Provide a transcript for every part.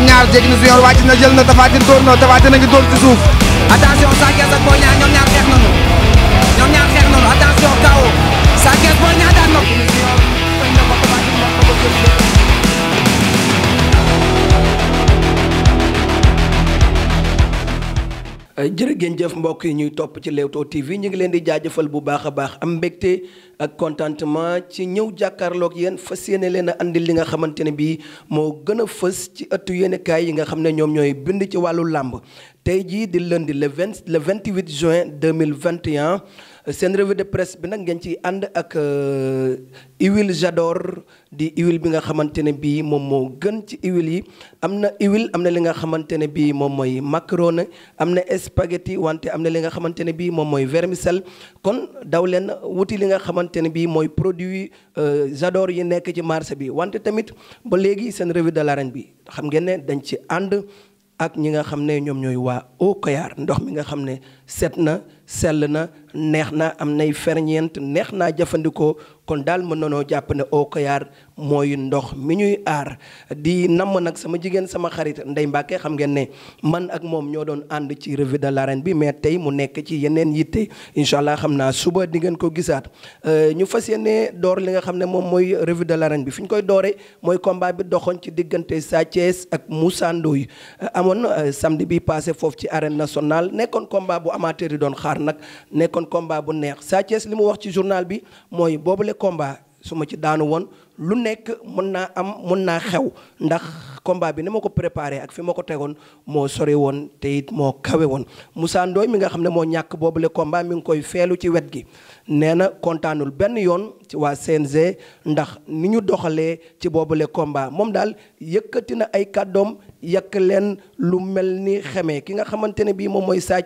ñoom ñaar jéggi na si yoon wàcc na jël na Tapha Tine dóor na Tapha Tine a ngi dóor ci suuf attention jërëgéen jëf mbokk yi ñuy topp ci Leewtoo TV ñu ngi leen di jaajafal bu baax a baax am mbégte ak contentement ci ñëw jàkkaarlook yéen fas yéene leen a andil li nga xamante ne bii moo gën a fës ci ëttu yéenekaay yi nga xam ne ñoom ñooy bind ci wàllu làmb tey jii di lëndi le 20 le 28 juin 2021 seen revue de presse bi nag ngeen ci ànd ak euh, huile j'adore di huile bi nga xamante ne bii moom moo gën ci huile yi am na huile am na li nga xamante ne bii moom mooy macaroni am na spaghetti wante am na li nga xamante ne bii moom mooy vermicelle kon daw leen wuti li nga xamante ne bii mooy produit euh, j'adore yi nekk ci marché bi wante tamit ba léegi seen revue de l'arène bi xam ngeen ne dañ ci ànd ak ñi nga xam ne ñoom ñooy waa Haut Kayar ndox mi nga xam ne set na sell na neex na am nay ferñeent neex naa jëfandikoo kon daal mën nanoo jàpp ne eau Kayar mooy ndox mi ñuy aar di namm nag sama jigéen sama xarit Ndeye Mbacke xam ngeen ne man ak moom ñoo doon ànd ci revue de l'arène bi mais tey mu nekk ci yeneen yitte incha allah xam naa suba di ngeen ko gisaat. Euh, ñu fas yéene door li nga xam ne moom mooy revue de l'arène bi fi ñu koy dooree mooy combat bi doxoon ci diggante Sa ak Moussa Ndoye euh, amoon euh, samedi bi passé foofu ci arène nationale nekkoon combat bu amateur yi doon xaar. nag nekkoon combat bu neex Sa Thiès li mu wax ci journal bi mooy boobule komba su ma ci daanu woon lu nekk mën naa am mën naa xew ndax combat bi ni ma ko préparer ak fi ma ko tegoon moo sori woon teyit moo kawe woon Moussa mi nga xam ne moo ñàkk boobule combat mi ngi koy feelu ci wet gi nee na kontaanul benn yoon ci waa CNG ndax ni ñu doxalee ci boobule komba moom daal yëkkati na ay kàddoom yàq leen lu mel ni xeme ki nga xamante ne bii moom mooy Sa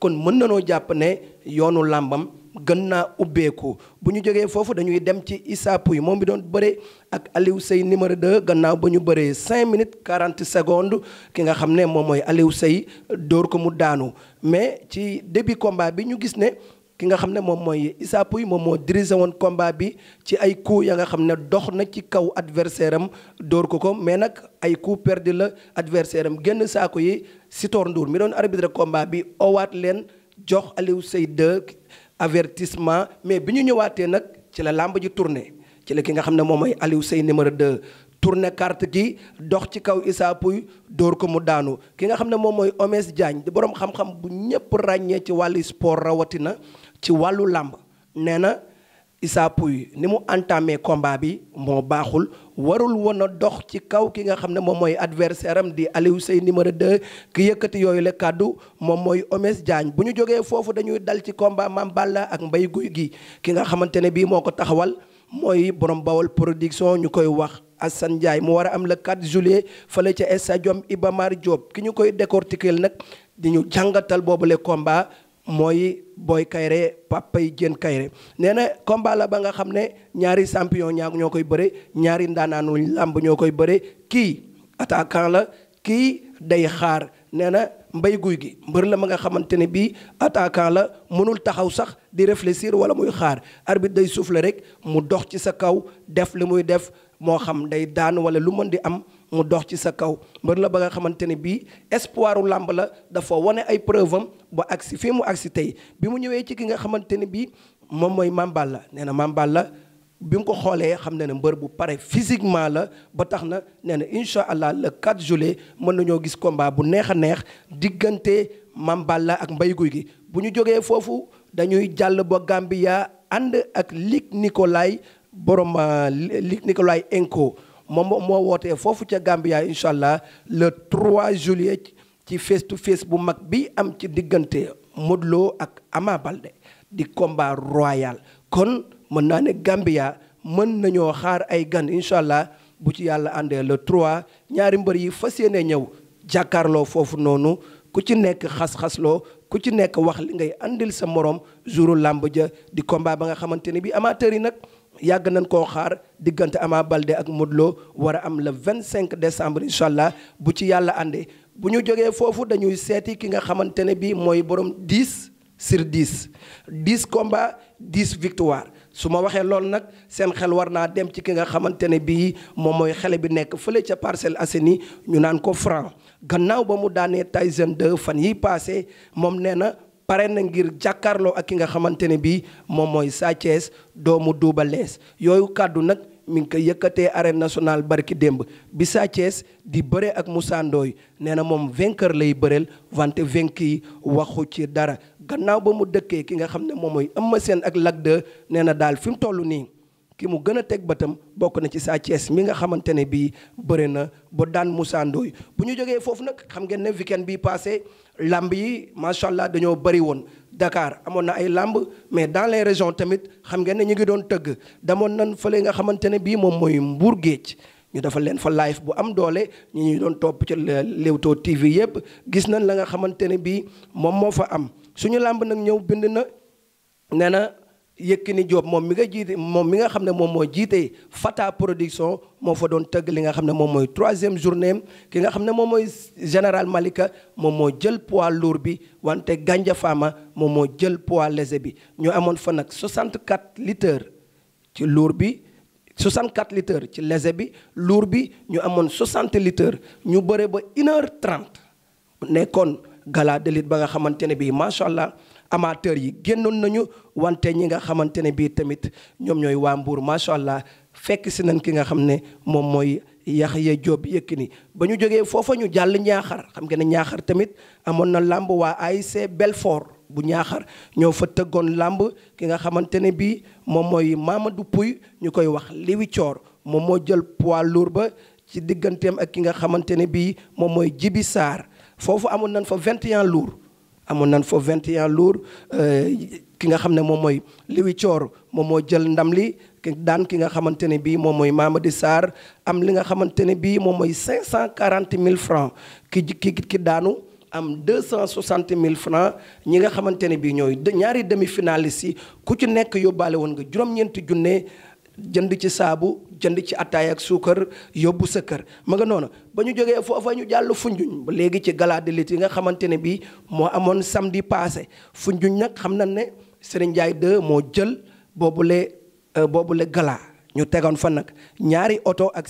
kon mën na nanoo jàpp ne yoonu làmbam gën naa ubbeeku bu ñu jógee foofu dañuy dem ci Issa yi moom bi doon bëre ak Aliou Seye numéro 2 gannaaw ba ñu bëree cinq minutes quarante secondes ki nga xam ne moom mooy Aliou Seye dóor ko mu daanu mais ci début combat bi ñu gis ne ki nga xam ne moom mooy Issa yi moom moo dirigé woon combat bi ci ay coups ya nga xam ne dox na ci kaw adversaire am dóor ko ko mais nag ay coups perdu la adversaire am génn saako yi Sitor nduur mi doon arbitre combat bi owaat leen jox Aliou Seye 2 avertissement mais bi ñu ñëwaatee nag ci la làmb ji tourné ci la ki nga xam ne moom mooy Aliou Seye numéro 2 tourné carte gi dox ci kaw Issa Pouye dóor ko mu daanu ki nga xam ne moom mooy Omès Diagne di borom xam-xam bu ñëpp ràññee ci wàll sport rawatina ci wàllu làmb nee na. Issa yi ni mu entamé combat bi moo baaxul warul woon dox ci kaw ki nga xam ne moom mooy adversaire am di Aliou Seye numéro 2 ki yëkkati yooyu la kàddu moom mooy Omes Diagne bu ñu jógee foofu dañuy dal ci combat Mame Balla ak mbay Gouye Gui ki nga xamante ne bii moo ko taxawal mooy borom bawal production ñu koy wax Assane Ndiaye mu war a am le 4 juillet fële ca stadium Iba Mar Diop ki ñu koy décortiquer nag di ñu jàngatal boobule combat mooy booy kayre papay jën kayre nee na combat ba nga xam ne ñaari champion ñaa ñoo koy bëre ñaari ndaanaanu làmb ñoo koy bëre kii attaquant la kii day xaar nee na mbay guy gi mbër la ma nga xamante ne bii attaquant la mënul taxaw sax di réfléchir wala muy xaar arbitre day souffler rek mu dox ci sa kaw def li muy def moo xam day daan wala lu mën di am mu dox ci sa kaw mbër la ba nga xamante ne bii espoiru làmb la dafa wane ay preuve am ba agsi fii mu agsi tey bi mu ñëwee ci ki nga xamante ne bii moom mooy mambal la nee na mambal la bi mu ko xoolee xam na ne mbër bu pare physiquement la ba tax na nee na incha allah le 4 juillet mën nañoo gis combat bu neex a neex diggante mambal la ak mbay guy gi bu ñu jógee foofu dañuy jàll ba Gambia ànd ak Luc Nicolaï borom euh, Luc Nicolaï Enco moom moo wootee foofu ca Gambia incha allah le 3 juillet ci face to face bu mag bi am ci diggante Modou ak Ama Baldé di combat royal kon mën naa ne Gambia mën nañoo xaar ay gan incha allah bu ci yàlla àndee le 3 ñaari mbër yi fa yéene ñëw jàkkaarloo foofu noonu ku ci nekk xas-xasloo ku ci nekk wax li ngay àndil sa morom jouru làmb ja di combat ba nga xamante ne bi amateur yi nag. yàgg nañ koo xaar diggante Ama Baldé ak Modou Lo war a am le 25 décembre incha allah bu ci yàlla àndee bu ñu jogee foofu dañuy seeti ki nga xamante ne bii mooy borom 10 sur 10 10 combats 10 victoires su ma waxee loolu nag seen xel war naa dem ci ki nga xamante ne bii moom mooy xele bi nekk fële ca parcelle Assainies ñu naan ko Franc gannaaw ba mu daanee Tyson 2 fan yi paase moom nee na. pare na ngir jàkkaarloo ak ki nga xamante ne bii moom mooy Sa Thiès doomu Double yooyu kàddu nag mi ngi koy yëkkatee arène nationale barki démb bi Sa Thiès di bëre ak Moussa Ndoye nee na moom vainqueur lay bëreel wante vaincu yi waxu ci dara gannaaw ba mu dëkkee ki nga xam ne moom mooy Eumeu seen ak Lac 2 nee na daal fi mu toll nii. ki mu gën a teg bëtam bokk na ci Sa Thiès mi nga xamante ne bii bëri na ba daan Moussa Ndoye bu ñu jógee foofu nag xam ngeen ne weekend bi passé làmb yi macha allah dañoo bari woon dakaar amoon na ay làmb mais dans les régions tamit xam ngeen ne ñu ngi doon tëgg damoon nan fële nga xamante ne bii moom mooy Mbour Géej ñu defal leen fa live bu am doole ñi doon topp ca Leewtoo TV yëpp gis nañ la nga xamante ne bii moom moo fa am suñu làmb nag ñëw bind na nee yëkk ni Diop moom mi nga jiite moom mi nga xam ne moom moo jiite Fata production moo fa doon tëgg li nga xam ne moom mooy troisième journée ki nga xam ne moom mooy général Malika moom moo jël pois lourd bi wante Ganja Fama moom moo jël pois léger bi ñu amoon fa nag 64 litres ci lourd bi 64 litres ci léger bi lourd bi ñu amoon 60 litres ñu bëre ba une heure nekkoon gala de ba nga xamante ne bii macha allah amateurs yi génnoon nañu wante ñi nga xamante ne bii tamit ñoom ñooy waa Mbour macha allah fekk si nañ ki nga xam ne moom mooy Yaxya Joob ni ba ñu jógee foofa ñu jàll ñaaxar xam nga ne ñaaxar tamit amoon na làmb waa ay AIC Belfort bu ñaaxar ñoo fa tëggoon làmb ki nga xamante ne bii moom mooy Mamadou Pouy ñu koy wax Liwi Coor moom moo jël poids lourd ba ci digganteem ak ki nga xamante ne bii moom mooy Jibi Saar foofu amoon nañ fa 21 lourds amoon nañ fa 21 lourds euh, ki nga xam ne moom mooy Liwi Thior moom moo jël ndam li daan ki nga xamante ne bii moom mooy Mamadi Sarr am li nga xamante ne bii moom mooy 540 000 francs ki ki ki daanu am deux cent 260 mille francs ñi nga xamante ne bii ñooy ñaari demi-finalistes yi ku ci nekk yóbbaale woon nga juróom-ñeenti junne. jënd ci saabu jënd ci attaay ak suukar yóbbu sa kër ma nga noonu ba ñu jógee foofa ñu jàll Foundiougne ba léegi ci gala de lutte yi nga xamante ne bii moo amoon samedi passé Foundiougne nag xam nañ ne Serigne Ndiaye 2 moo jël boobu boobu euh, boobule gala ñu tegoon fa nag ñaari oto ak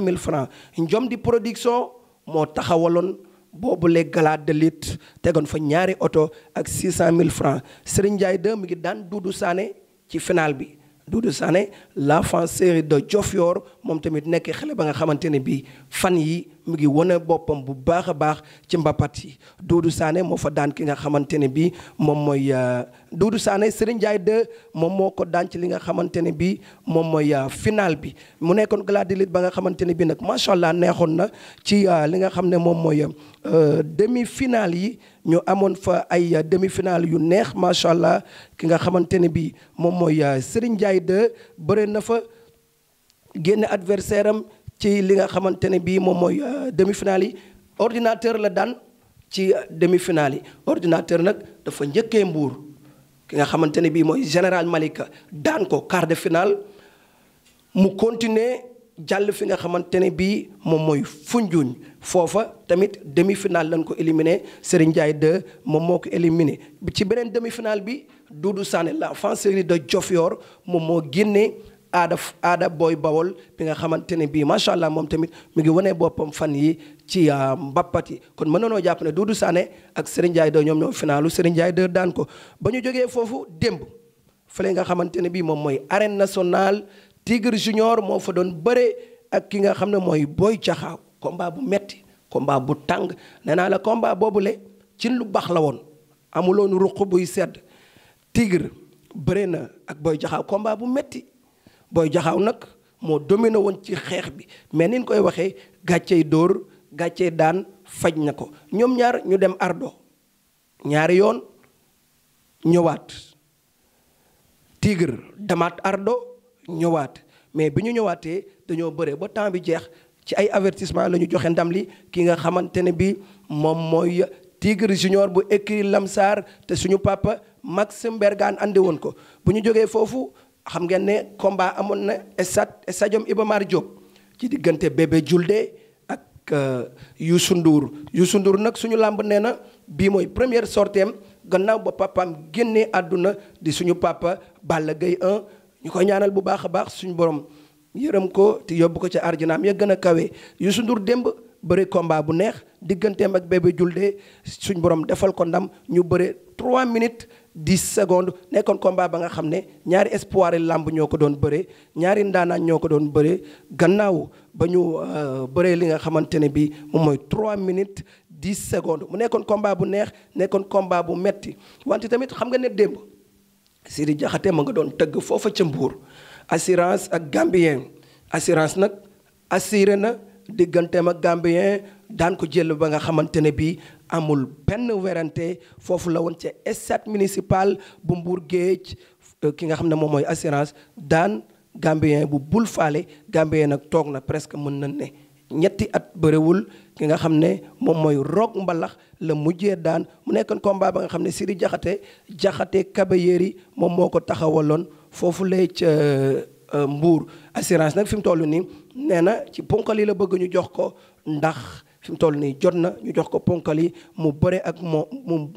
mille francs njom di production moo taxawaloon boobu boobule gala de lutte tegoon fa ñaari oto ak 600000 francs Serigne Ndiaye 2 mu ngi daan Doudou Sané ci final bi. Doudou Sané l'enfant chéri de Diofior moom tamit nekk xale ba nga xamante ne bii fan yi mu ngi wane boppam bu baax a baax ci mbapat yi Doudou Sané moo fa daan ki nga xamante ne bii moom mooy euh, Doudou Sané Serigne Ndiaye 2 moom moo ko daan ci li nga xamante ne bii moom mooy euh, final bi mu nekkoon galaat di lit ba nga xamante ne bii nag macha allah neexoon na ci euh, li nga xam ne moom mooy demi final yi ñu amoon fa ay demi final yu neex macha allah ki nga xamante ne bii moom mooy Serigne Ndiaye 2 bëre na fa génne adversaire am. ci li nga xamante ne bii moom mooy euh, demi-finale yi ordinateur la daan ci euh, demi-finale yi ordinateur nag dafa njëkkee mbuur ki nga xamante ne bii mooy général Malika daan ko quart de finale mu continuer jàll fi nga xamante ne bii moom mooy Foundiougne foofa tamit demi-finale lan ko éliminé Serigne Ndiaye de moom moo ko éliminé ci beneen demi-finale bi Doudou Sané la chéri de Diofior moom moo génnee aada aada booy bawol bi nga xamante ne bii macha allah moom tamit mu ngi wane boppam fan yi ci ah, mbappat yi kon mën nanoo jàpp ne Doudou Sané ak Serigne Ndiaye 2 ñoom ñoo finaalu Serigne Ndiaye 2 daan ko ba ñu jógee foofu démb fële nga xamante ne bii moom mooy arène nationale Tigre Junior moo fa doon bëre ak ki nga xam ne mooy booy jaxaw komba bu metti combat bu tàng nee naa la combat boobule cin lu baax la woon amuloon ruq buy sedd Tigre bëre na ak Boy Caxaaw combat bu metti booy jaxaaw nag moo dominé woon ci xeex bi mais ni koy waxee gàccey dóor gàccey daan faj na ko ñoom ñaar ñu dem ardo ñaari yoon ñëwaat tigre damaat ardo ñëwaat mais bi ñu ñëwaatee dañoo bëre ba temps bi jeex ci ay avertissement la joxe ndam li ki nga xamante ne bi moom mooy tigre junior bu écrit lamsaar te suñu papa Maxime Bergan andi woon ko bu ñu jógee foofu xam ngeen ne combat amoon na stade stadium Iba Mar ci diggante Bébé Diouldé ak euh, Youssou Ndour Youssou Ndour nag suñu làmb nee na bii mooy première sorteem gannaaw ba papaam génnee àdduna di suñu papa Balla Gaye 1 ñu koy ñaanal bu baax a baax suñu borom yërëm ko te yóbbu ko ca arjanaam ya gën a kawee Youssou Ndour démb bëri combat bu neex digganteem ak Bébé Diouldé suñ borom defal ko ndam ñu bëri 3 minutes dix secondes nekkoon combat ba nga xam ne ñaari espoir làmb ñoo ko doon bëree ñaari ndaanaan ñoo ko doon bëree gannaaw ba ñu euh, bëree li nga xamante ne bi moom mooy trois minutes dix secondes mu nekkoon combat bu neex nekkoon combat bu metti wante tamit xam nga ne démb Sidi Diakhaté ma nga doon tëgg foofa ca Mbour assurance ak Gambien assurance nag assure na digganteem ak Gambien daan ko jël ba nga xamante ne bii amul benn werante foofu la woon ca stade municipal bu Mbour Géej euh, ki nga xam ne moom mooy assurance daan Gambien bu bul faale Gambien nag toog na presque mën na ne ñetti at bëriwul ki nga xam ne moom mooy roog mbalax la mujjee daan mu nekkoon combat ba nga xam ne Siri Jaxate Jaxate Kabayeri moom moo ko taxawaloon foofu lay ca euh, Mbour assurance nag fi mu toll nii nee na ci ponkali la bëgg ñu jox ko ndax fi toll nii jot na ñu jox ko ponkal yi mu bëre ak moo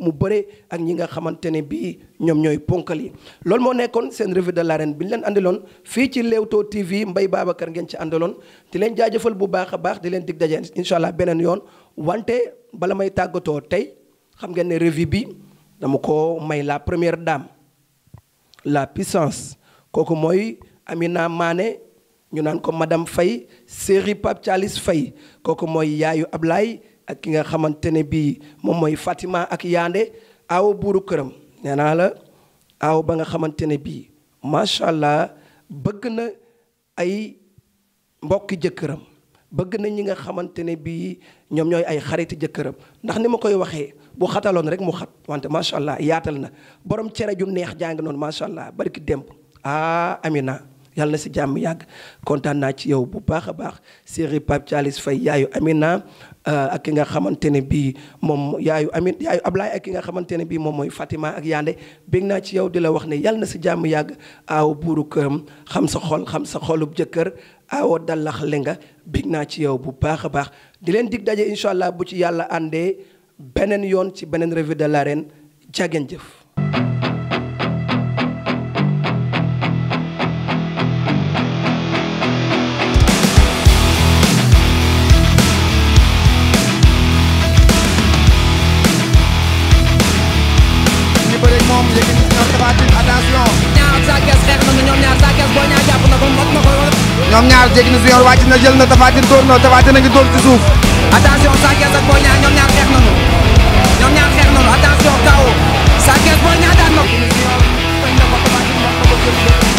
mu bëre ak ñi nga xamante ne bii ñoom ñooy ponkal yi loolu moo nekkoon seen revue de l'arène bi ñu leen andiloon fii ci Leewtoo TV Mbaye Babacar ngeen ci andiloon di leen jaajëfal bu baax a baax di leen dig daje incha allah beneen yoon wante bala may tàggatoo tey xam ngeen ne revue bi dama koo may la première dame la puissance kooku mooy Amina maane ñu naan ko madame fay série Pape caalis fay kooku mooy yaayu Ablaye ak ki nga xamante ne bii moom mooy Fatima ak Yaande aaw buuru këram nee naa la aaw ba nga xamante ne bii macha allah bëgg na ay mbokki jëkkëram bëgg na ñi nga xamante ne bii ñoom ñooy ay xariti jëkkëram ndax ni ma koy waxee bu xataloon rek mu xat wante macha allah yaatal na borom cere ju neex jàng noonu macha allah barki démb ah Amina. yàlla na si jàmm yàgg kontaan naa ci yow bu baax a baax séeri Pape Thialis fay yaayu Amina euh, ak ki nga xamante ne bii moom yaayu Amin yaayu Ablaye ak ki nga xamante ne bii moom mooy Fatima ak Yande bég naa ci yow di la wax ne yàlla na si jàmm yàgg aaw buuru këram xam sa xol xam sa xolub jëkkër aawo dallaxle nga bég naa ci yow bu baax a baax di leen dig daje incha allah bu ci yàlla àndee beneen yoon ci beneen revue de l'arène jageen jëf long, taking these I ñoom ñaar saakees ñoom ñaar jéggi na si na jël ngi dóor ci suuf. attention saakees ak ñoom ñaar xeex ñoom ñaar xeex nañu attention kaw saakees boo ñaar daan na